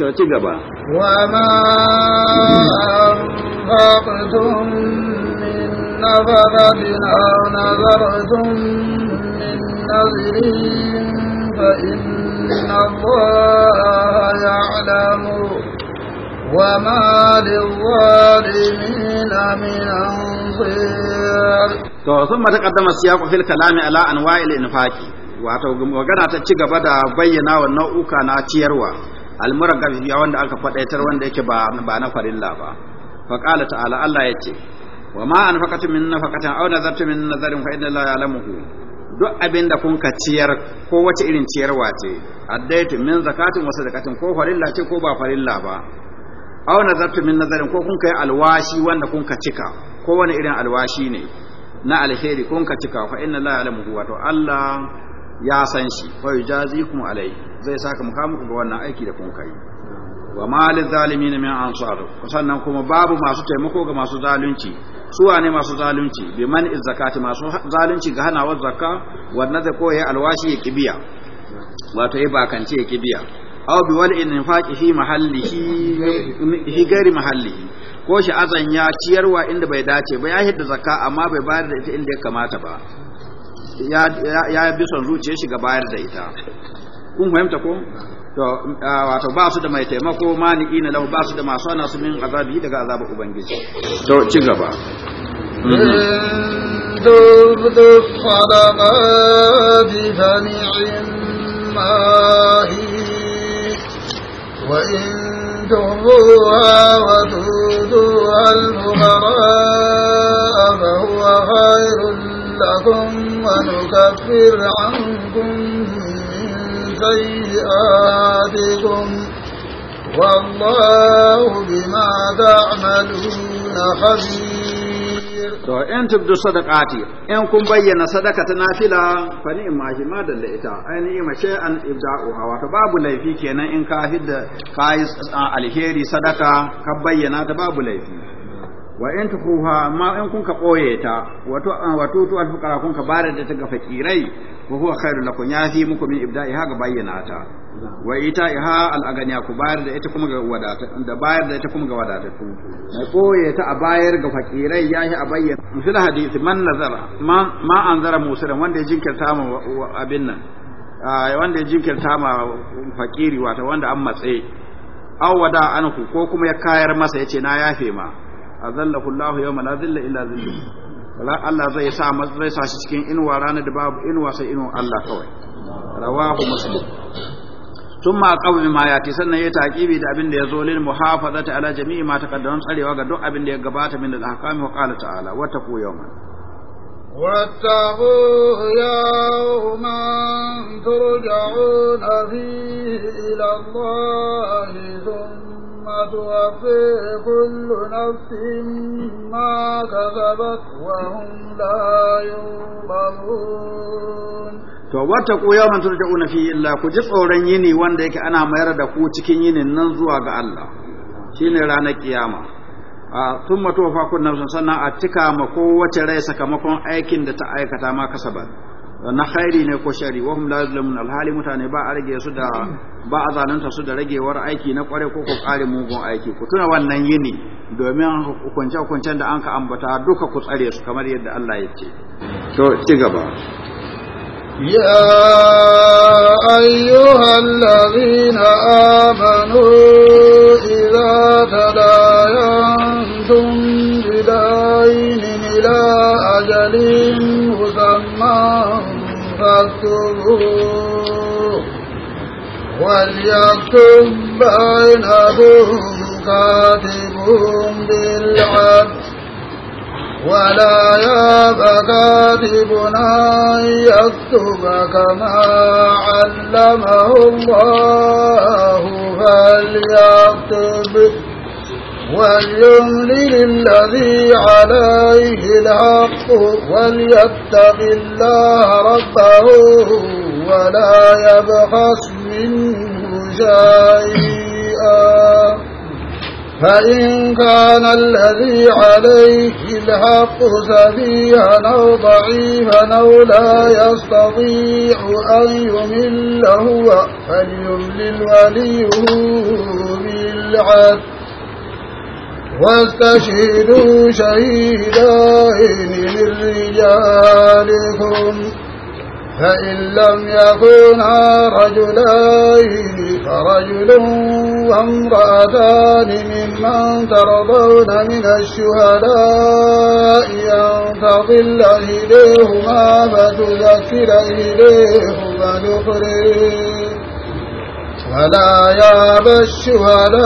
to ci gaba wa ma anfaqtum min nafaqatin aw nazartum min nazrin fa inna allaha ya'lamu wa ma lil-zalimin min ansir to sun mata kaddama siyaku fil kalami ala anwa'il infaqi wato magana ta ci gaba da bayyana wa nau'uka na ciyarwa almuragab ya wanda aka kwadaitar wanda yake ba ba na farilla ba fa qala ta'ala Allah yace wa ma anfaqatu min nafaqatin aw nazartu min nazarin fa inna Allah ya'lamuhu duk abinda kun ka ciyar ko wace irin ciyarwa ce addaitu min zakatin wa sadaqatin ko farilla ce ko ba farilla ba aw nazartu min nazarin ko kun kai alwashi wanda kun ka cika ko wani irin alwashi ne na alheri kun ka cika fa inna Allah ya'lamuhu wato Allah ya san shi fa kuma alai zai saka muka muku ga wannan aiki da kun kai wa malil zalimin min ansar sannan kuma babu masu taimako ga masu zalunci su wane masu zalunci bi man iz zakati masu zalunci ga hanawar zakka wannan zai koyi alwashi ya kibiya wato ya bakance ya kibiya aw bi wal faqi fi mahallihi hi gari mahallihi ko shi azan ya ciyarwa inda bai dace ba ya hidda zakka amma bai bayar da ita inda ya kamata ba ya bi son zuciya shiga bayar da ita kun fahimta ko to wato ba su da mai taimako mani, ina lau ba su da masu ana su min azabi daga azabar ubangiji to ci gaba ذبد الصدقات فنعماه وإن ترضوها وتؤتوها الفقراء فهو خير لكم ونكفر عنكم من سيئاتكم والله بما تعملون خبير to in tubdu sadaqati in kun bayyana sadaka ta nafila fa ni ma shi da ita ai ni ma shay an ibda'uha wato babu laifi kenan in ka hidda a alheri sadaka ka bayyana ta babu laifi wa in tukuha ma in kun ka ɓoye ta wato ah, wato to alfuqara kun ka bare da ta ga fakirai wa huwa khairu lakum ya fi muku min ha ga bayyana ta wa ita'iha al aganiya ku bayar da ita kuma ga wadata da bayar da ita kuma ga wadatattu mai ɓoye ta a bayar ga fakirai ya yi a bayyana musul hadisi man nazara ma ma anzara musiran wanda ya jinkirta ma abin nan wanda ya jinkirta ma fakiri wato wanda an matse awwada anhu ko kuma ya kayar masa yace na yafe ma azallahu Allah yawma la zilla illa Wala Allah zai sa mazai sa shi cikin inuwa ranar da babu inuwa sai inuwa Allah kawai rawahu muslim thumma qawmi ma yati sannan ya taqibi da abin da yazo lil muhafazati ala jami'i ma taqaddama tsarewa ga duk abin da ya gabata min da ahkami wa qala ta'ala wa taqu yawma واتقوا يوما ترجعون فيه إلى الله توفي كل نفس ما كسبت وهم لا يظلمون to wata ku yawman una fi illa ku ji tsoron yini wanda yake ana mayar da ku cikin yinin nan zuwa ga Allah shine ranar kiyama a thumma tuwafa kun nan sannan a tika ma ko kowace rai sakamakon aikin da ta aikata ma kasaba na khairi ne ko shari wahum la yuzlamun alhali mutane ba a rage su da ba a zalunta su da ragewar aiki na kware ko ko kare mugun aiki ku tuna wannan yini domin hukunce hukuncen da anka ambata duka ku tsare su kamar yadda Allah ya ce to ci gaba ya ayyuhal ladina amanu idza وليكتب بينهم كاتب بالعدل ولا ياب كاتب أن يكتب كما علمه الله فليكتب وليملل الذي عليه الحق وليتق الله ربه ولا يبخس منه شيئا فإن كان الذي عليه الحق سبيها أو ضعيفا أو لا يستطيع أن يمل هو فليملل وليه بالعدل واستشهدوا شهيدين من رجالكم فإن لم يكونا رجلين فرجل وامرأتان ممن ترضون من الشهداء أن تضل إليهما فتذكر إليهما نخرج ولا ياب الشهداء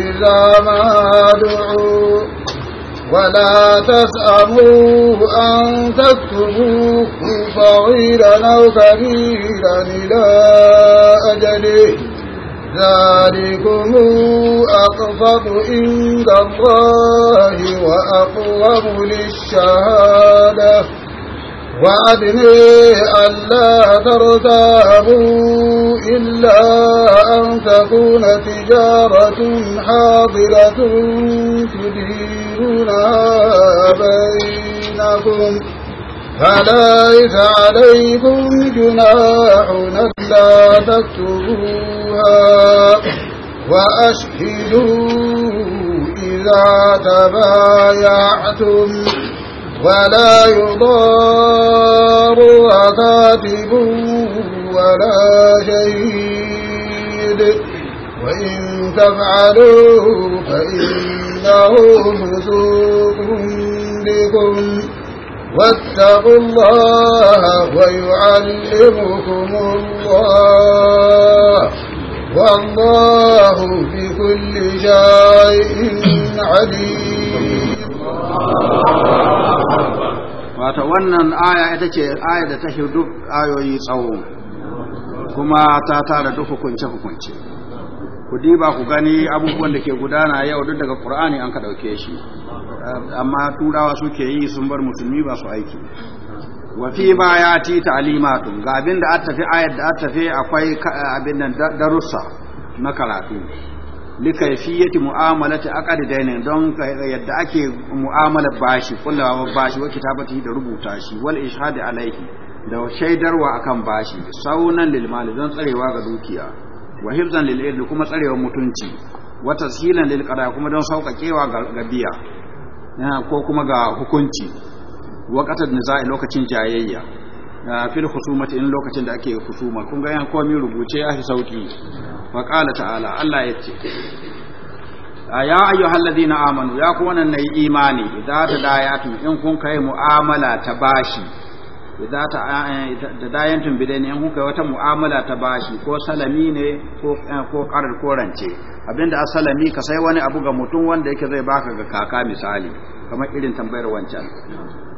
إلا ما دعوا ولا تسأموا أن تكتبوه صغيرا أو كبيرا إلى أجله ذلكم أقصد عند الله وأقوم للشهادة وأدني ألا ترتابوا إلا أن تكون تجارة حاضرة تديرنا بينكم فليس عليكم جناح ألا تكتبوها وأشهدوا إذا تبايعتم ولا يضار عكاتب ولا شهيد وإن تفعلوا فإنه مسوق بكم واتقوا الله ويعلمكم الله والله بكل شيء عليم wata wannan aya ita ce aya da ta duk ayoyi tsawo kuma ta tara duk hukunce-hukunce ku diba ku gani abubuwan da ke gudana yau duk daga ƙur'ani an ka ɗauke shi amma turawa suke yi sun bar musulmi ba su aiki wafi ma ya ci ta'alimatun ga abin da a tafi ayar da a tafi akwai abin nan darussa na karatu likaifiyati mu'amalati aqdi dainin don yadda ake mu'amala bashi kullawa bashi wa kitabati da rubuta shi wal ishhadi alayhi da shaidarwa akan bashi saunan lil mal don tsarewa ga dukiya wa hifzan lil kuma tsarewa mutunci wa tashilan lil qada kuma don saukakewa ga biya eh, ko kuma ga hukunci waqatan nizai lokacin jayayya fil khusumati in lokacin da ake khusuma kun ga yan komai rubuce ya shi sauki wa qala ta'ala Allah ya ce ya ayyuhal ladina amanu ya ku wannan nayi imani idza tadayatum in kun kai mu'amala ta bashi idza ta tadayantum bidaini in kun kai wata mu'amala ta bashi ko salami ne ko ko karar korance abinda asalami ka sai wani abu ga mutum wanda yake zai baka ga kaka misali kamar irin tambayar wancan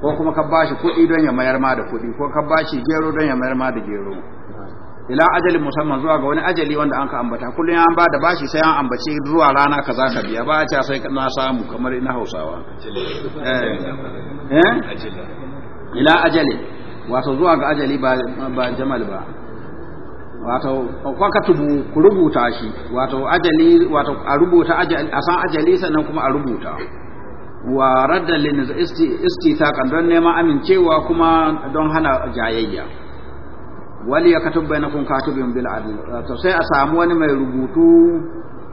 ko kuma ka bashi kuɗi don ya mayar ma da kuɗi ko ka bashi gero don ya mayar ma da gero ila ajalin musamman zuwa ga wani ajali wanda an ka ambata kullum an ba da bashi sai an ambace zuwa rana ka za ka biya ba a ca sai na samu kamar na hausawa eh? Eh? ila ajali wato zuwa ga ajali ba jamal ba wato ka tubu ku rubuta shi wato ajali wato a rubuta a san ajali sannan kuma a rubuta wa radda lin kan don neman amincewa kuma don hana jayayya wali ya katub bainakum katibun bil adl to sai a samu wani mai rubutu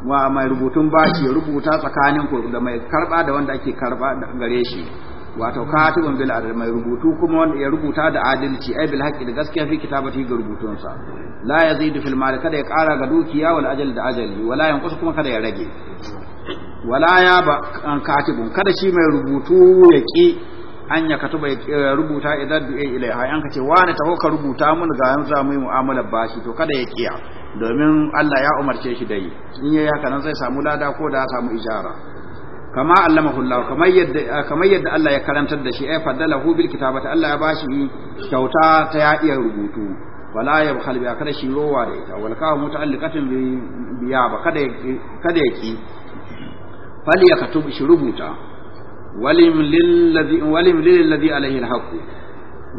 wa mai rubutun bashi ya rubuta tsakanin ku da mai karba da wanda ake karba gare shi wato katibun bil adl mai rubutu kuma wanda ya rubuta da adalci ai bil haqqi da gaskiya fi kitabati ga rubutunsa la yazidu fil mal kada ya kara ga dukiya wal ajal da ajali wala yanqus kuma kada ya rage wala ya ba an katibun kada shi mai rubutu ya ki an ya katuba ya eh, rubuta idan du'e ilaiha an kace wani taho ka rubuta mun ga yanzu za mu yi mu'amalar bashi to kada ya kiya domin Allah ya umarce shi dai in yayi haka nan zai samu lada ko da samu ijara kama allamahu Allah kamar yadda eh, kamar yadda Allah ya karantar da shi ay hu bil kitabati Allah ya bashi kyauta ta ya iya rubutu wala ya khalbi bi akara shi rowa da ita wal kawu muta'alliqatin bi biya ba kada kada ya ki fal yaktub shi rubuta walim lil ladhi walim lil ladhi alaihi alhaq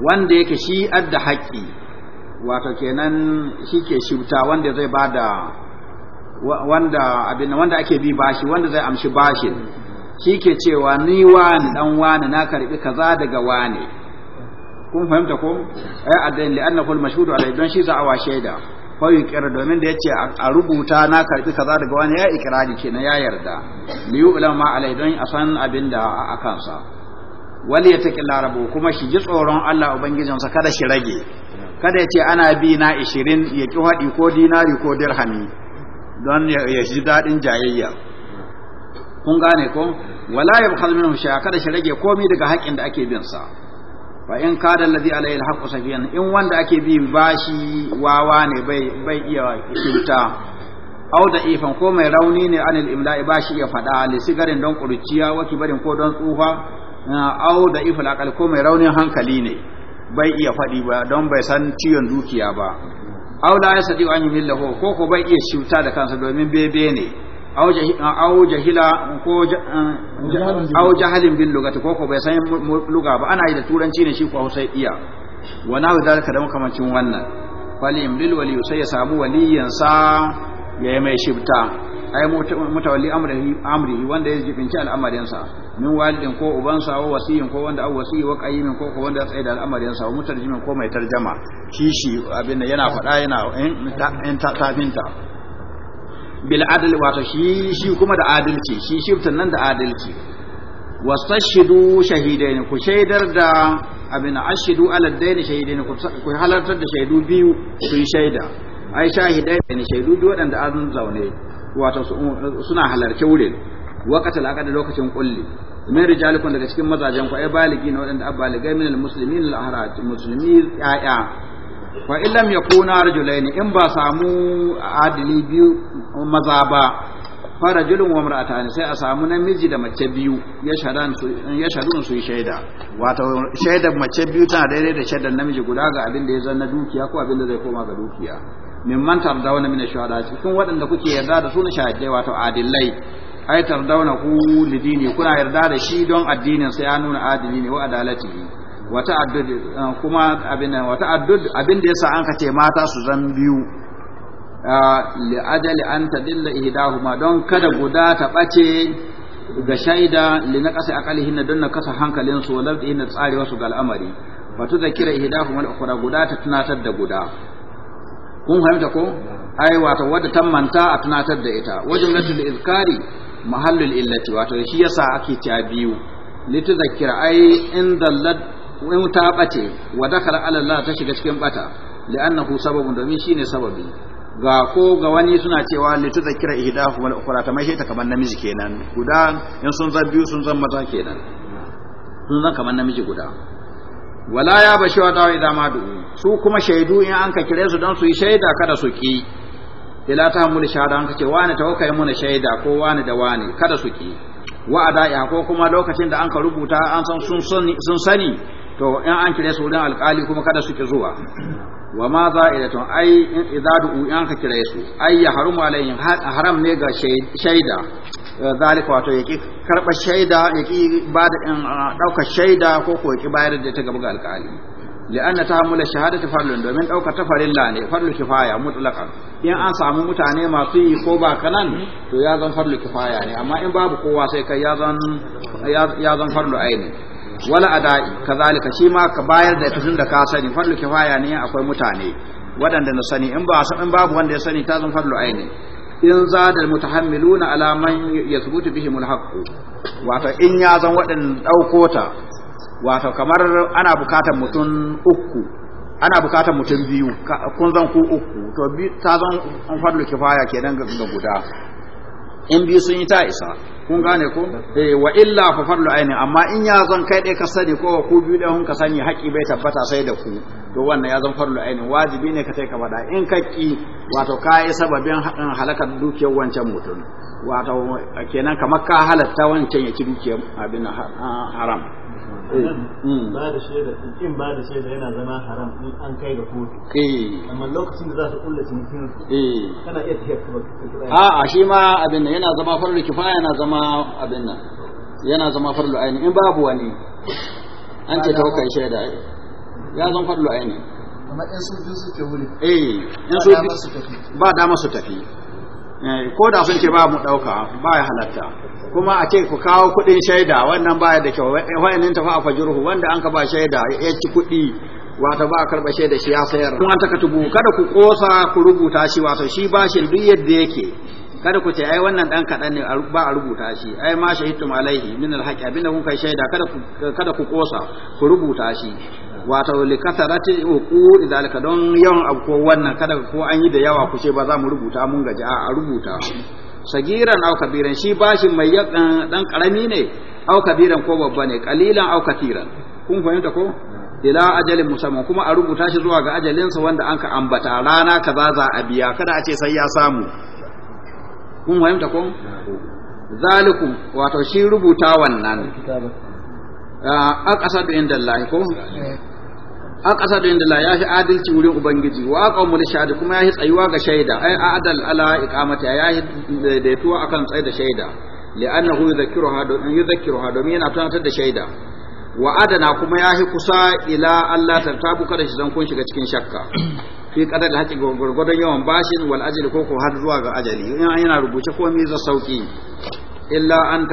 wanda yake shi adda haƙƙi, wato kenan shi ke shibta wanda zai ba da wanda abin wanda ake bi bashi wanda zai amshi bashin shi ke cewa ni wani dan wani na karbi kaza daga wani kun fahimta ko ai addain li annahu al-mashhud alai don shi za a wa shaida fayu kira domin da ya ce a rubuta na karbi kaza daga wani ya ikirari na ya yarda liyu ulama alai don a san abin da a kansa Wani ya taƙi larabu kuma shi ji tsoron Allah Ubangijinsa kada shi rage kada ya ce ana bi na ishirin ya ƙi haɗi ko dinari ko dirhami don ya ji daɗin jayayya kun gane ko wala ya bukhalmin minhu kada shi rage komi daga haƙin da ake bin sa fa in kada alladhi alayhi alhaq safiyan in wanda ake bi bashi wawa ne bai bai iya kinta aw da ifan ko mai rauni ne anil imla'i bashi iya fada li sigarin don kurciya waki barin ko don tsufa aw ah, da ifal akal ko mai raunin hankali ne bai iya fadi ba don bai san ciyon dukiya ba aw la yasdi an yimillahu ko ko bai iya cuta da kansa domin bebe ne au jahila ko au jahalin bin lugati ko ko bai san lugha ba ana yi da turanci ne shi ko Hausa iya wa da dalika da makamancin wannan falim lil wali sai ya samu waliyan sa ya yi mai shibta ai mutawalli amrihi amrihi wanda ya jibinci al'amarin sa min walidin ko uban sa ko wasiyin ko wanda au wasiyi wa qayyimin ko ko wanda ya tsaya da al'amarin sa mutarjimin ko mai tarjama shi shi abin yana faɗa yana eh, in binta bil adl wato shi shi kuma da adalci shi shiftan nan da adalci wastashidu shahidain ku shaidar da abin ashidu ala dain shahidain ku halartar da shaidu biyu su yi shaida ai shahidain shaidu biyu wadanda an zaune wato suna halarce wurin waqata alaqada lokacin kulli min rijalikum daga cikin mazajen ku ai baligi ne wadanda abbaligai min almuslimin alahrat muslimi ya'ya fa illam yakuna rajulaini in ba samu adili biyu maza ba fa rajulun wa imra'atani sai a samu namiji da mace biyu ya shadan su ya shadun su shaida wato shaidar mace biyu tana daidai da shaidar namiji guda ga abin da ya zanna dukiya ko abin da zai koma ga dukiya mimman tardawna min shuhada cikin waɗanda kuke yarda da su na shahidai wato adilai ai tardawna ku lidini kuna yarda da shi don addinin sai ya nuna adili ne wa adalati. wata addud eh, kuma abin wata addud abin da yasa an kace mata su zan biyu eh, li ajali an tadilla ihdahuma don kada guda ta bace ga shaida li na kasa akalihin don na kasa hankalin su wala da tsari wasu ga al'amari wato da kira ihdahuma al-ukhra guda ta tunatar da guda kun fahimta ko ai wato wadda ta manta a tunatar da ita wajen latul izkari mahallul illati wato shi yasa ake ta biyu zakira ai in dallat in ta bace wa dakhala ala ta shiga cikin bata li'annahu sababun domin shine sababi ga ko ga wani suna cewa li tudhakira ihdahu wal ukhra ta mai ta kaman namiji kenan guda in sun zan biyu sun zan maza kenan sun zan kaman namiji guda wala ya bashi wa dawo idan ma du'u su kuma shaidu in an ka kire su don su yi shaida kada su ki ila ta hamul shahada an ce wani tawakkai muna shaida ko wani da wani kada su ki wa'ada ya ko kuma lokacin da an ka rubuta an san sun sani to in an kire su wurin alkali kuma kada suke zuwa wa ma za'idatun ai idza du'u in ka kire su ai ya haramu haram ne ga shaida eh, zalika wato yaki karba shaida yaki ba da daukar shaida ko ko bayar da ta gaba ga alkali لأن تحمل الشهادة فرل domin ɗaukar ta farilla ne farlu kifaya mutlaqan in an samu mutane masu yi ko ba kanan to ya zan farlu kifaya ne amma in babu kowa sai kai ya zan ya zan farlu aini wala ada'i kazalika shi ma ka bayar da tun da ka sani farlu kifaya ne akwai mutane waɗanda na sani in ba san babu wanda ya sani ta zan farlu aini in za da mutahammiluna ala man yasbutu bihim alhaqu wato in ya zan waɗanda ɗauko ta wato kamar ana bukatar mutum uku ana bukatar mutum biyu kun zan ku uku to ta zan farlu kifaya kenan ga guda in biyu sun yi ta isa kun gane ko eh wa illa fa farlu aini amma in ya zan kai dai ka sani ko ku biyu da hun ka sani haƙi bai tabbata sai da ku to wannan ya zan farlu aini wajibi ne ka sai ka fada in ka ki wato ka yi sababin halakar dukiyar wancan mutum wato kenan kamar ka halatta wancan ya ci dukiyar abin haram Eh, hmm. ba da shaida in ba da shaida yana zama haram in an kai ga kotu eh. amma lokacin da za su kulla cinikin eh. kana iya tafiyar ka a a shi ma abin nan yana zama farlu kifaya yana zama abin nan yana zama farlu aini in babu wani an ce ta kai shaida ya zama farlu aini amma in su biyu ke wuri eh in su ba dama su tafi Eh, ko da sun ce ba mu ɗauka ba ya halatta kuma a ce ku kawo kuɗin shaida wannan ba ya da kyau wayannin tafa a fajirhu wanda an ka ba shaida ya ci kuɗi wata ba a karɓa shaida shi ya sayar kuma an taka kada ku ƙosa ku rubuta shi wato shi ba shi duk yadda yake kada ku ce ai wannan dan kaɗan ne ba a rubuta shi ai ma shahidtum alaihi min alhaqi abinda kun kai shaida kada ku kada ku ƙosa ku rubuta shi wato li kasarati uku idalika don yawan abko wannan kada ko an yi da yawa kuce ba za mu rubuta mun gaji a rubuta sagiran aw kabiran shi bashin mai yakan dan karami ne aw kabiran ko babba ne qalilan aw katiran kun fahimta ko ila ajalin musamman kuma a rubuta shi zuwa ga ajalinsa wanda an ka ambata rana kaza za a biya kada a ce sai ya samu kun fahimta ko zalikum wato shi rubuta wannan ah, a ƙasar da inda Allah ko eh. yadda ya fi adalci wurin ubangiji wa mu lishahad kuma ya fi tsayuwa ga shaida ai adal ala ya yahi daidaituwa akan tsaye da shaida li'annahu yudhakkiruha don yudhakkiruha domin yana tunatar da shaida wa adana kuma ya fi kusa ila Allah ta tartabu kada shi zan kun shiga cikin shakka fi kadar da haƙi gwargwadon yawan bashin wal ajali ko ko har zuwa ga ajali in an yana rubuce komai za sauki illa an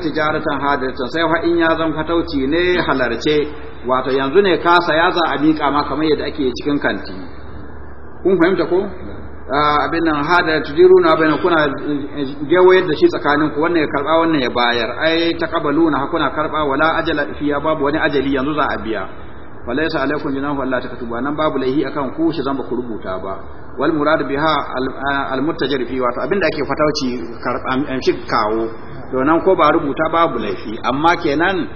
tijaratan sai fa in ya zama fatauci ne halarce wato yanzu ne ka saya za a miƙa ma kamar yadda ake cikin kanti kun fahimta ko ah, abin nan hada tudiruna bayan kuna eh, gewaye da shi tsakanin ku wannan ya karba wannan ya bayar ai taqabaluna kuna karba wala ajala ya babu wani ajali yanzu za a biya walaysa alaikum jinahu wallahi ta nan babu laihi akan ku shi zan ba ku rubuta ba wal murad biha al eh, muttajir fi wato abinda ake fatauci karba eh, shi kawo to nan ko ba rubuta babu laifi amma kenan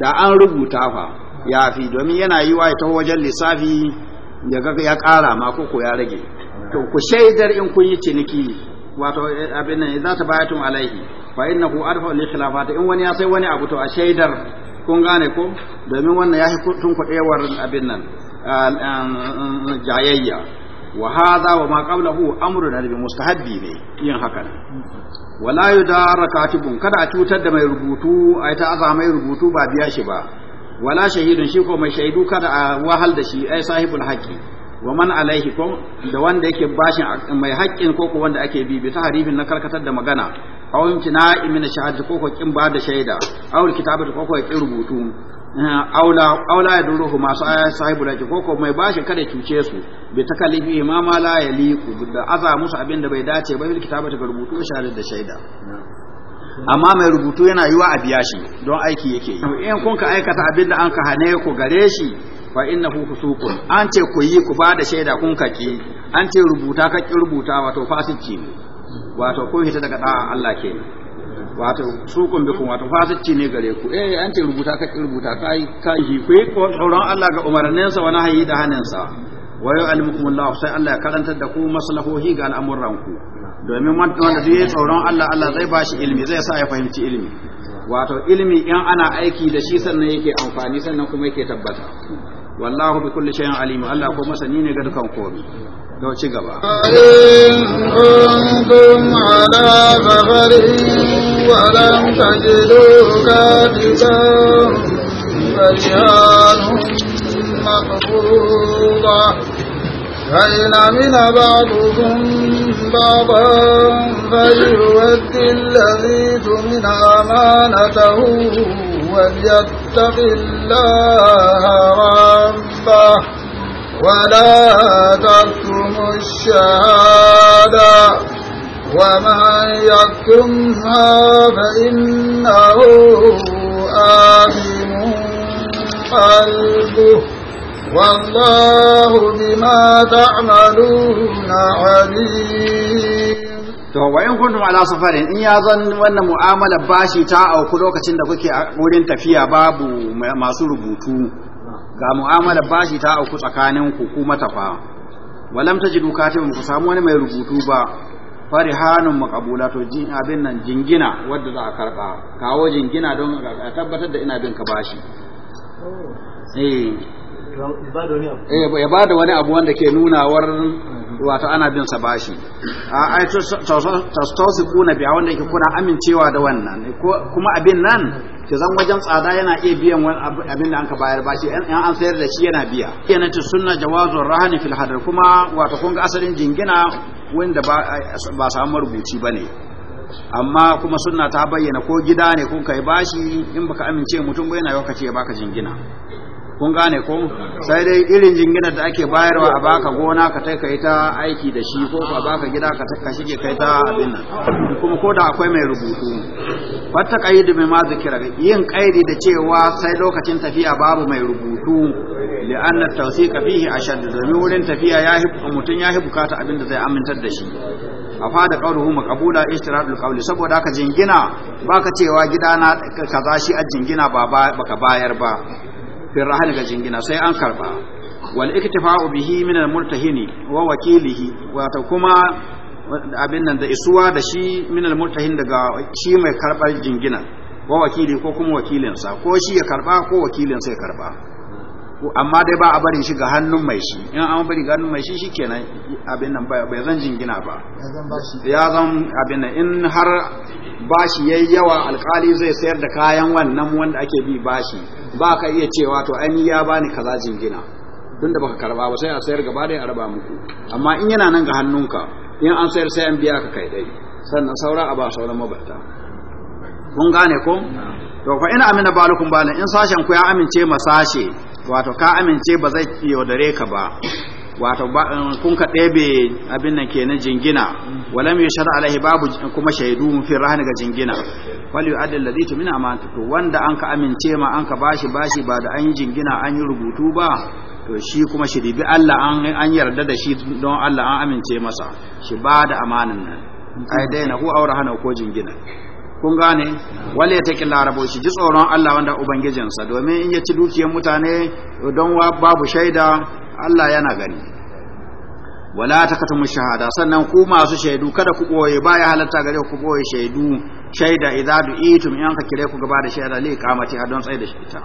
da an rubuta fa ya fi domin yana yi wa ya wajen lissafi ya gaga ya ƙara ma ko ya rage to ku shaidar in kun yi ciniki wato eh, abin nan za ta bayatun alaihi fa innahu arfa li khilafati in wani ya sai wani abu to a shaidar kun gane ko domin wannan ya tun kuɗewar abin nan jayayya wa hadha wa ma qablahu amrun mustahabbi ne yin hakan wala yudara katibun kada a cutar da mai rubutu ai ta azama mai rubutu ba biya shi ba wala shahidun shi ko mai shaidu kada a wahal da shi ai sahibul haqqi wa man alaihi ko da wanda yake bashin mai haƙƙin ko ko wanda ake bi bi ta harifin na karkatar da magana aw imtina imina shahadati ko ko kin ba da shaida aw kitabati ko ko kin rubutu eh, aula aula ya duruhu masu sahibul haqqi ko ko mai bashin kada cuce su bi takalifi ma ma la yaliqu da aza musu abin da bai dace ba bil kitabati ga rubutu shahadati da shaida amma mai rubutu yana yiwa a biya shi don aiki yake yi in kun ka aikata abin da an ka hane ku gare shi fa innahu fusukun an ce ku yi ku bada shaida kun ka ki an ce rubuta ka ki rubuta wato fasici ne wato ko hita daga da'a Allah ke wato sukun bikum wato fasici ne gare ku eh an ce rubuta ka ki rubuta kai kai ku yi tsoron Allah ga umarninsa wani hayi da haninsa wa yu'allimukum Allah sai Allah ya karantar da ku maslahohi ga al'amuranku domin wanda duk yi tsoron Allah Allah zai ba shi ilimi zai sa ya fahimci ilmi. wato ilmi in ana aiki da shi sannan yake amfani sannan kuma yake tabbata wallahu bi kulli shay'in alim Allah ko masani ne ga dukan komai ga ci gaba kuntum ala فإن من بعضكم بعضا فليؤدي الذي تمن أمانته وليتق الله ربه ولا تكتم الشهادة ومن يكتمها فإنه آثم قلبه والله بما تعملون عليم to wayan kuntum ala safarin in ya zan wannan mu'amala bashi ta auku lokacin da kuke wurin tafiya babu masu rubutu ga mu'amala bashi ta auku tsakanin ku ku matafa walam tajidu katibun ku samu wani mai rubutu ba farihanun makabula to jin abin nan jingina wadda za a karba kawo jingina don a tabbatar da ina bin ka bashi eh Eh, ya ba da wani abu wanda ke nunawar wato ana bin sa bashi a ai kuna biya wanda yake kuna amincewa da wannan kuma abin nan ki zan wajen tsada yana iya biyan abin da anka bayar bashi in an sayar da shi yana biya kenan ta sunna jawazur rahani fil hadar kuma wato kun ga asalin jingina wanda ba samu rubuci ne, amma kuma sunna ta bayyana ko gida ne kun kai bashi in baka amince mutum ba yana yau ka ce baka jingina kun gane ko sai dai irin jinginar da ake bayarwa a baka gona ka tai kai ta aiki da shi ko ka baka gida ka shige kai ta abin nan kuma ko da akwai mai rubutu wata kaidi mai ma zikira yin qaidi da cewa sai lokacin tafiya babu mai rubutu li anna tawsiqa fihi ashad domin wurin tafiya ya mutun ya bukata abin da zai amintar da shi a fada qawluhu maqbula istiradul qawli saboda haka jingina baka cewa gidana kaza shi a jingina ba baka bayar ba fil rahal ga jingina sai an karba wal iktifa'u bihi min al murtahini wa wakilihi wato kuma abin nan da isuwa da shi min al murtahin daga shi mai karbar jingina wa wakili ko kuma wakilin sa ko shi ya karba ko wakilin wakilinsa ya karba amma dai ba a barin shi ga hannun mai shi in an bari ga hannun mai shi shikenan abin nan bai zan jingina ba ya zan abin nan in har bashi yayi yawa alkali zai sayar da kayan wannan wanda ake bi bashi ba ka iya cewa to ai ya bani kaza jingina tunda baka karba ba sai a sayar gaba da a raba muku amma in yana nan ga hannunka in an sayar sai an biya ka kai dai sannan saura a ba sauran mabata mun gane ko to fa ina amina balukum bana in sashen ku ya amince ma sashe wato ka amince ba zai yaudare ka ba wato um, kun ka ɗebe abin nan ke na jingina mm. walam yi shara alaihi babu kuma shaidu fi rahan ga jingina wal yu adil ladhi amanta wanda an ka amince ma an ka bashi bashi ba da an yi jingina an yi rubutu ba to shi kuma shi dibi Allah an yarda da shi don Allah an amince masa shi ba da amanan nan mm. ai dai na ko aure hana ko jingina kun gane wale ta kin larabo shi ji tsoron Allah wanda ubangijinsa domin in ya ci dukiyar mutane don babu shaida Allah yana gani wala takatumu shahada sannan ku masu shaidu kada ku boye baya halatta gare ku boye shaidu shaida idza du'itum in ka kire ku gaba da shaida li kamati hadon tsai da shaita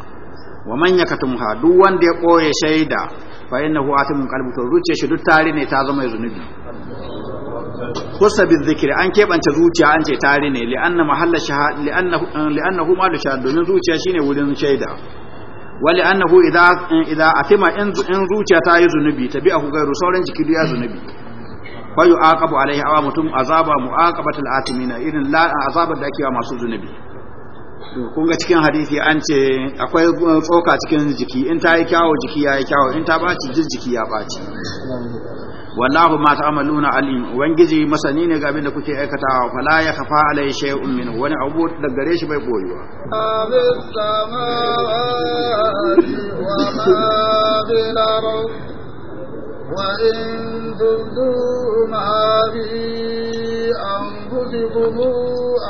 wa man yakatumha duk wanda ya boye shaida fa innahu atimun qalbu to ruce shi duk tare ne ta zama zunubi kusa bi an keɓance zuciya an ce tare ne li'anna mahalla shahada li'annahu eh, li'annahu zuciya shine wurin shaida wali annahu idza idza atima in zuciya ta yi zunubi tabi'ahu gairu sauran jiki duk ya zunubi fa aqabu alaihi awa mutum azaba mu'aqabatul atimina irin la azabar da ake wa masu zunubi kun ga cikin hadisi an ce akwai tsoka cikin jiki in ta yi kyawo jiki ya yi kyawo in ta baci jiki ya baci wallahu ma ta'maluna alim ubangiji masani ne ga abin da kuke aikatawa fala ya khafa alai shay'un min wani abu da gare shi bai boyuwa wa in بأنفسكم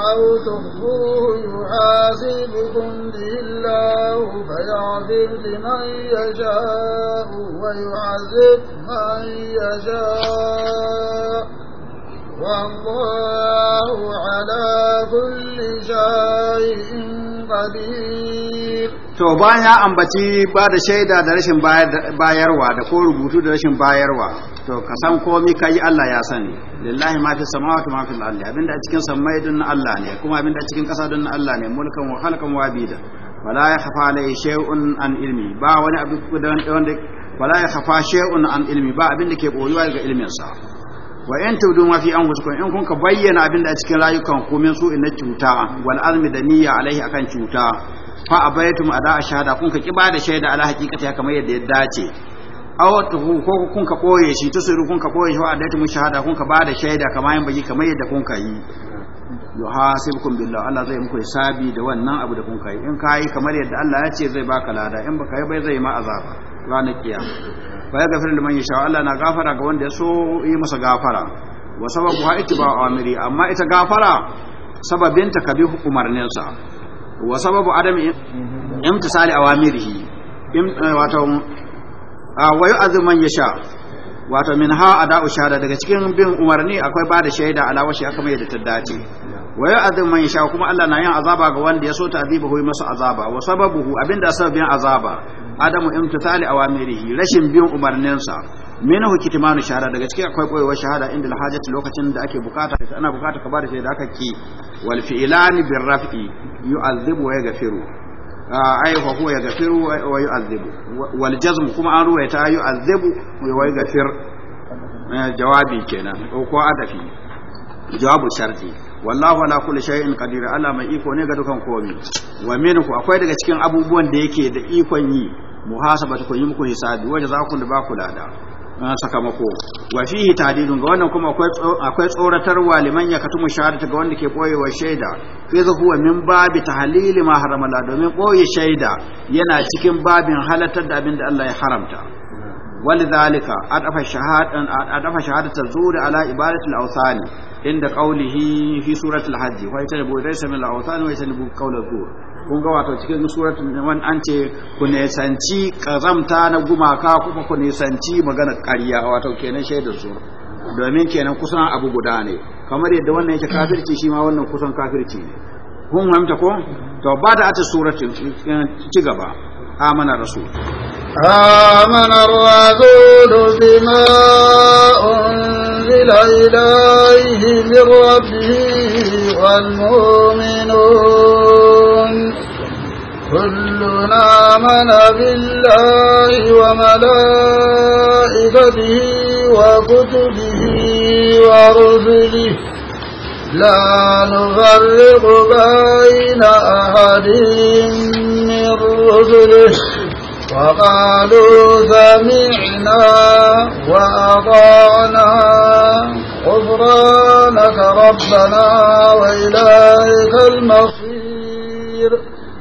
أو تخفوه يحاسبكم به الله فيعذب لمن يشاء ويعذب من يشاء والله على كل شيء قدير to bayan ya ambaci ba da shaida da rashin bayarwa da ko rubutu da rashin bayarwa to ka san komi ka yi Allah ya sani lillahi ma fi samawati ma fi al-ardi abinda a cikin samai din Allah ne kuma abinda a cikin kasa din Allah ne mulkan wa halqan wa bidan wala khafa alayhi shay'un an ilmi ba wani abu wanda wala khafa shay'un an ilmi ba abinda ke boyuwa ga ilmin sa wa in tudu ma fi anfusikum in kun ka bayyana abinda a cikin rayukan ku min su inna cuta wal azmi da niyya alaihi akan cuta fa a abaitum ada shahada kun ka kiba da shaida ala haqiqati ya kamar yadda ya dace hu ko kun ka koye shi tusiru kun ka koye shi wa mu shahada kun ka ba da shaida kamar yin baki kamar yadda kun ka yi yuhasibukum billah Allah zai muku hisabi da wannan abu da kun kai in kai kamar yadda Allah ya ce zai baka lada in baka yi bai zai ma azaba ranar kiyama fa ya gafara liman yasha Allah na gafara ga wanda ya so yi masa gafara wa sababu ha ittiba amri amma ita gafara sababinta ka bi hukumarninsa wa sababu adami imtisali awamirihi eh, wato ah, wa yu'adhu man yasha wato min ha ada'u shahada daga cikin bin umarni akwai ba da shaida ala washi aka mai da ta dace wa yu'adhu man yasha kuma Allah na yin azaba ga wanda ya so ta hoyi masa azaba wa sababu abinda sababin azaba adamu imtisali awamirihi rashin bin umarninsa minhu kitmanu shahada daga cikin akwai koyewa shahada inda alhajati lokacin da ake bukata ana bukata ka bada shaida kake wal fi'lani bir raf'i yu'adhibu wa yaghfiru ah, ay wa huwa yaghfiru wa yu'adhibu wal jazm kuma an ruwaya ta yu'adhibu wa yaghfir eh, jawabi kenan ko adafi jawabu sharti wallahu ala kulli shay'in qadir ala mai iko ne ga dukan komai wa minhu akwai daga cikin abubuwan da yake da ikon yi muhasabatu ko yi muku hisabi wajen za ku da ba ku lada sakamako wa fihi tahdidun ga wannan kuma akwai tsoratarwa liman ya katumu shahadata ga wanda ke wa shaida fi huwa min babi tahlili ma haramala domin boye shaida yana cikin babin halatar da abin da Allah ya haramta ولذلك أضاف شهادة أضاف شهادة الزور على عبادة الأوثان عند قوله في سورة الحج ويتنبوا ليس من الأوثان ويتنبوا قول الزور kun ga wato cikin suratul naman an ce ku nesanci kazamta na gumaka kuma ku nesanci magana ƙarya wato kenan shaidar su domin kenan kusan abu guda ne kamar yadda wannan yake kafirci shi ma wannan kusan kafirci ne kun mamta ko to ba da ata suratul eh, ci gaba amana rasul آمن الرسول بما أنزل إليه من ربه والمؤمنون كلنا آمن بالله وملائكته وكتبه ورسله لا نفرق بين أحد من رسله وقالوا سمعنا وأطعنا غفرانك ربنا وإليك المصير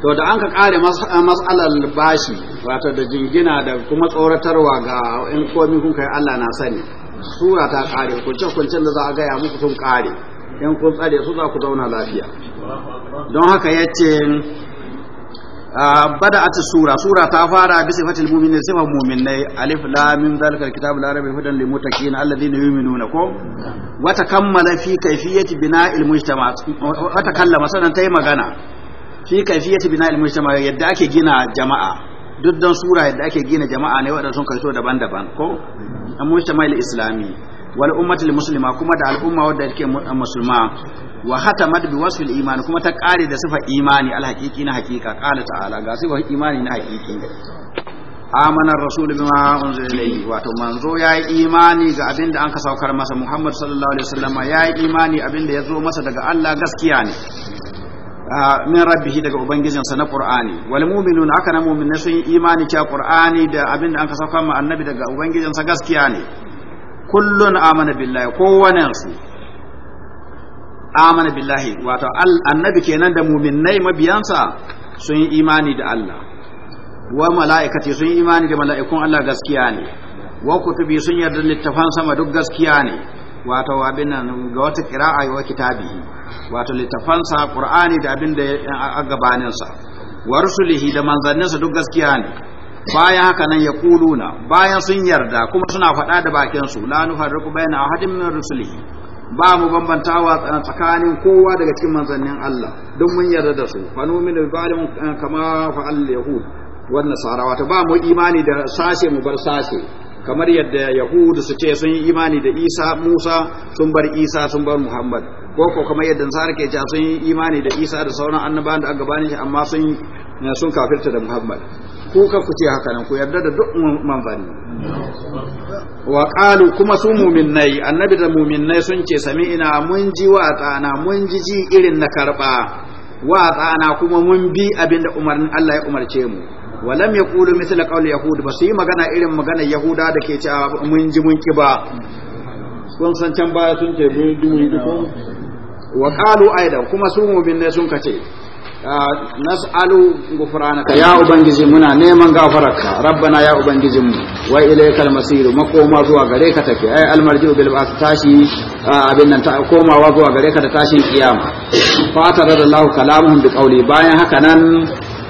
to da an ka kare matsalar bashi wato da jingina da kuma tsoratarwa ga in komi kun kai Allah na sani sura ta kare kunce kunce da za a gaya muku sun kare in kun tsare su za ku zauna lafiya don haka ya ce bada ati sura sura ta fara bi sifatil mu'minin sifar mu'minai alif lam mim zalikal kitabul la hudan lil muttaqin alladhina yu'minuna ko wata kammala fi kayfiyati bina'il mujtama wata kallama sanan tayi magana fi kaifiyati bina al-mujtama yadda ake gina jama'a duk dan sura yadda ake gina jama'a ne waɗanda sun kaito daban-daban ko al-mujtama al-islami wal ummati al-muslima kuma da al'umma wadda yake musulma wa hatamat bi wasfi al-iman kuma ta kare da sifa imani al-haqiqi na haqiqa qala ta'ala ga sifa imani na haqiqin da amana rasul bima unzila ilayhi wato manzo yayi imani ga abinda an ka saukar masa muhammad sallallahu alaihi wasallama yayi imani abinda ya zo masa daga Allah gaskiya ne min rabbihi daga ubangijinsa na qur'ani wal mu'minuna haka na mu'minai sun imani cewa qur'ani da abin da an kasa sauka annabi daga ubangijinsa gaskiya ne kullun amana billahi kowanne su amana billahi wato annabi kenan da mu'minai mabiyansa sun yi imani da Allah wa mala'ikati sun yi imani da mala'ikun Allah gaskiya ne wa kutubi sun yarda littafan sama duk gaskiya ne wato abin nan ga wata qira'a wa kitabihi wato littafansa qur'ani da abin da ya gabanin sa wa rusulihi da sa duk gaskiya ne bayan haka nan ya kuluna bayan sun yarda kuma suna faɗa da bakin su la nufarriqu bayna ahadin min rusulihi ba mu bambantawa tsakanin kowa daga cikin manzannin Allah duk mun yarda da su fa nu'minu bi ba'dihim kama fa'al yahud wannan nasara ta ba mu imani da sashe mu bar sashe kamar yadda yahudu su ce sun yi imani da isa musa sun bar isa sun bar muhammad ko ko kamar yadda Nsara ke cewa sun yi imani da isa da sauran annabawan da aka gabanin shi amma sun eh, sun kafirta da muhammad ku ka ku ce haka nan ku yarda da duk manzanni wa qalu kuma su mu'minnai annabi da mu'minnai sun ce sami'ina mun ji wa tsana mun ji ji irin na karba wa tsana kuma mun bi abinda umarnin Allah ya umarce mu walam ya kulu misali kawul yahudu ba yi magana irin magana yahuda da ke ci mun ji mun ki ba kun san can baya sun ce mun ji mun ki wa qalu aidan kuma su mumin ne sun kace ah, nas'alu gufranaka ya ubangiji muna neman gafararka rabbana ya ubangiji mu wa ilaykal masir makoma zuwa gare ka take ai almarji'u bil ba'th tashi ah, abin nan ta komawa zuwa gare ka da tashin kiyama fa taradallahu kalamuhum bi qawli bayan haka nan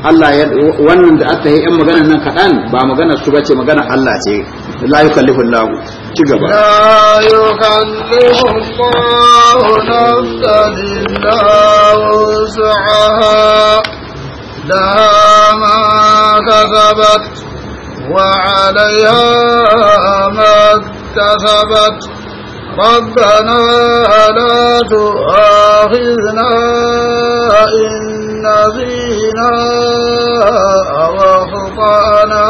Allah ya wannan da aka yi yan magana nan kaɗan ba magana su ba ce magana Allah ce la yukallifu Allah ci gaba la yukallifu Allah nafsan illa wus'aha da ma kasabat wa 'alayha ma kasabat ربنا لا تؤاخذنا إن نبينا وخطانا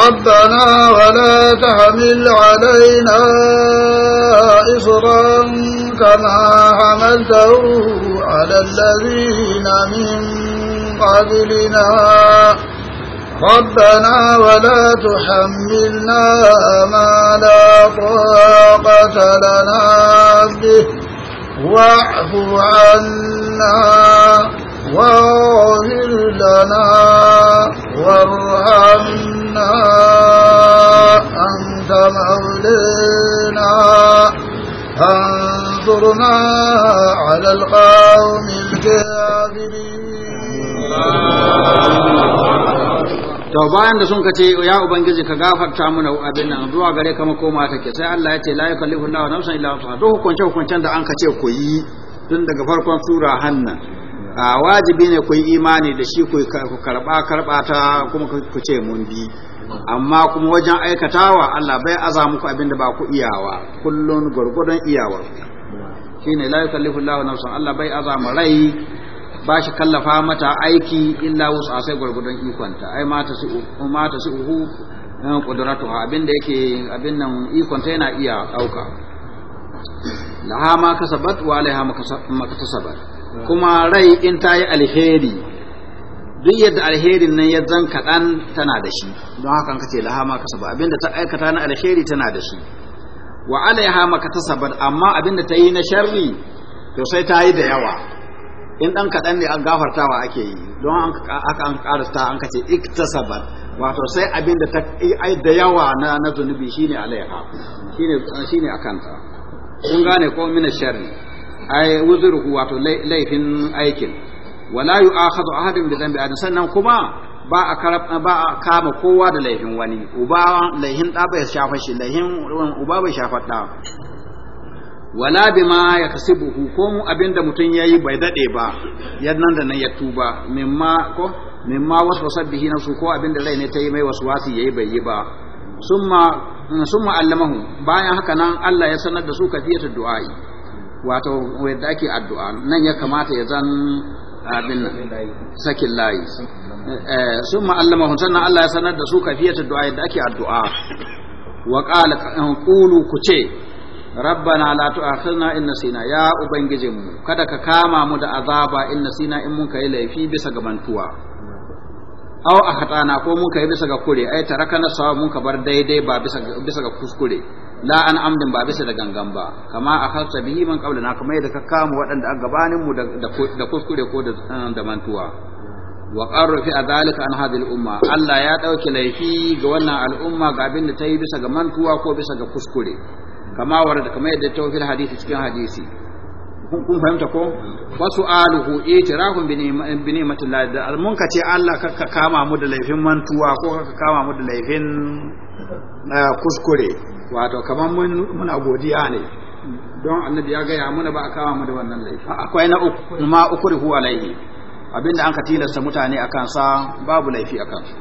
ربنا ولا تحمل علينا إصرا كما حملته على الذين من قبلنا ربنا ولا تحملنا ما لا طاقة لنا به واعف عنا ربنا على القوم الكافرين to bayan da sun kace ya ubangiji ka gafarta mana abin nan zuwa gare ka makoma take sai Allah ya ce la yakallifu Allahu nafsan illa wus'aha duk hukunce hukunce da an kace ku yi tun daga farkon sura hannan a wajibi ne ku yi imani da shi ku karba karba ta kuma ku ce mun bi amma kuma wajen aikatawa Allah bai aza muku abin da ba ku iyawa kullun gurgurdan iyawar shine la yukallifu Allahu nafsan Allah bai azama rai ba shi kallafa mata aiki illa a sai gurgudun ikonta ai mata su mata su kudurato. Eh, qudratuha abinda yake abin nan ikonta yana iya dauka laha ma kasabat wa alaiha ma kasabat kuma rai in ta yi alheri duk yadda alherin nan ya zan kaɗan tana da shi don haka kace laha ma kasaba abinda ta aikata na alheri tana da shi wa alaiha makatasabat amma abinda ta yi na sharri to sai ta yi da yawa in ɗan kaɗan ne an gafartawa ake yi don aka an karasta an kace iktasabat wato sai da ta yi da yawa na na zunubi shine alaiha shine shine akanta kun gane ko min sharri ai wuzuru wato laifin aikin wala yu'akhadhu ahadun bi dhanbi sannan kuma ba a kama kowa da laifin wani uba laihin ɗa bai shafa shi laihin uba bai shafa ɗa wala bima ya kasibu hukumu abinda mutum yayi bai dade ba yannan da nan ya tuba mimma ko mimma sabbihi bihi su ko abinda rai ne ta yi mai ya yayi bai yi ba summa mm, summa allamahu bayan haka nan Allah ya sanar da su kafiyatu du'ai wato yadda ake addu'a nan ya kamata ya zan abin sakin layi Eh, sun ma'allama sannan Allah ya sanar da su kafiyatar du'a yadda ake addu'a wa qala qulu ku ce rabbana la tu'akhirna in nasina ya ubangijinmu kada ka kama mu da azaba in nasina in mun kai laifi bisa ga mantuwa aw akhatana ko mun kai bisa ga kure ai tarakana sawa mun ka bar daidai ba bisa bisa ga kuskure la an amdin ba bisa da gangan ba kama akhadta bihi man qablana kamar yadda ka kama waɗanda a gabanin mu da kuskure ko da mantuwa wa qarrafi adhalika an hadhihi al-umma Allah ya dauki laifi ga wannan al'umma ga abin da ta yi bisa ga mantuwa ko bisa ga kuskure kama warda kamar yadda ta fil hadisi cikin hadisi kun fahimta ko Wasu Aluhu, itirafun bi ni'matillah da mun ka ce Allah ka kama mu da laifin mantuwa ko ka kama mu da laifin eh, kuskure wato kamar muna godiya ne don annabi ya gaya muna ba a kama mu da wannan laifi akwai na uku ma ukuri huwa laifi abinda an ka tilasta mutane a kansa babu laifi a kansu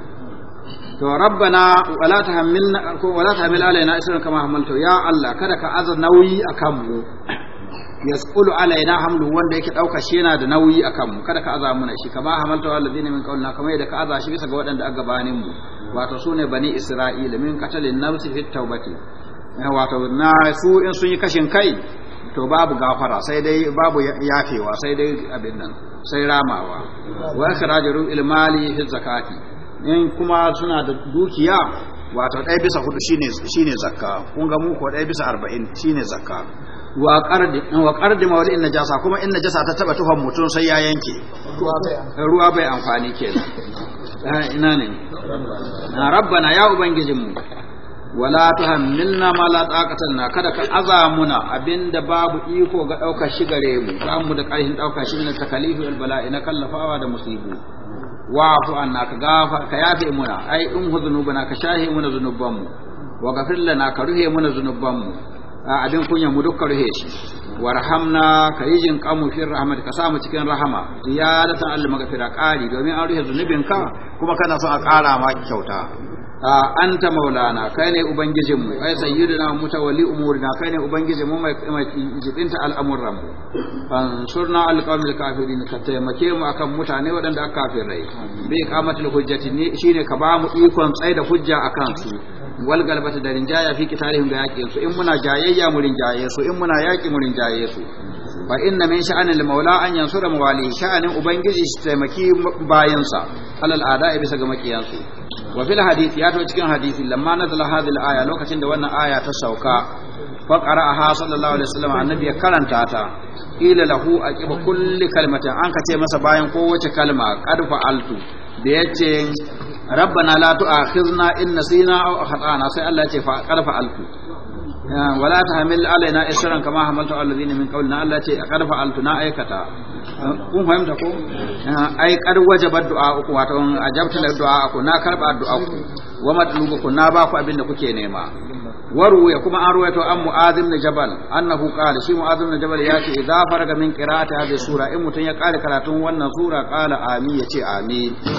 to rabbana wala tahammilna ko wala tahmil alaina isran kama hamaltu ya Allah kada ka aza nauyi akan mu yasqulu alaina hamlu wanda yake dauka shi yana da nauyi akan mu kada ka aza muna shi kama hamaltu alladhina min qawlina kama yadda ka aza shi bisa ga waɗanda aka gabanin mu wato sune bani isra'ila min qatalin nafsi fit tawbati wato na su in sun yi kashin kai to babu gafara sai dai babu yafewa sai dai abin nan sai ramawa wa ikhrajul ilmali fi zakati in kuma suna da dukiya wato ɗaya bisa hudu shine shine zakka kun ga mu ko ɗaya bisa arba'in shine zakka wa qardi wa qardi mawdi in najasa kuma in najasa ta taba tuhan mutum sai ya yanke ruwa bai amfani kenan eh, ina ne na rabbana ya ubangijinmu wala tuhammilna ma la taqata na kada ka azamuna abinda babu iko ga dauka shi gare mu zamu da karfin dauka shi min takalifu wal bala'i na kallafawa da musibu Wa anna ka gafa ka yafe muna ai in huzunubana ka shahe muna zunuban mu wa gafir lana ka ruhe muna zunuban mu abin kunya mu ka ruhe shi warhamna ka yi kamu fi rahmat ka samu cikin rahama ziyadatan al maghfira qali domin an ruhe zunubin ka kuma kana so a kara ma kyauta anta maulana kai ne ubangijinmu ai sayyidina mutawalli umurina kai ne ubangijinmu mai jibinta al'amuran mu ansurna alqawmil kafirin ka taimake mu akan mutane waɗanda aka kafirai bi kamatul hujjati ne shine ka ba mu ikon tsai da hujja akan su wal galbata da rinjaya fi kitarihim ga yaƙin su in muna jayayya mu rinjaye su in muna yaki mu rinjaye su fa inna min al maula an yansura mawali sha'anin ubangiji shi taimaki bayansa alal ada'i bisa ga makiyansu wa fil hadisi ya to cikin hadisi lamma nazala hadhihi al-aya lokacin da wannan aya ta sauka fa qara'aha sallallahu alaihi wasallam annabi ya karanta ta ila lahu aqiba kulli kalmatin an ka ce masa bayan kowace kalma qad fa'altu da yace rabbana la tu'akhizna in nasina aw akhtana sai Allah ya ce fa qad fa'altu wala tahmil alaina isran kama hamaltu alladhina min qawlina Allah ya ce qad fa'altu na aikata kun fahimta ko eh, ai kad wajaba du'a uku, wato ajabta da du'a ku na karba du'a ku wa madlubu ku na ba ku abin da kuke nema waru ya kuma an ruwaito an mu'adhim na jabal annahu qala shi mu'adhim na jabal ya ce idza faraga min qira'ati hadhihi sura in mutun ya kare karatun wannan sura qala amin ce amin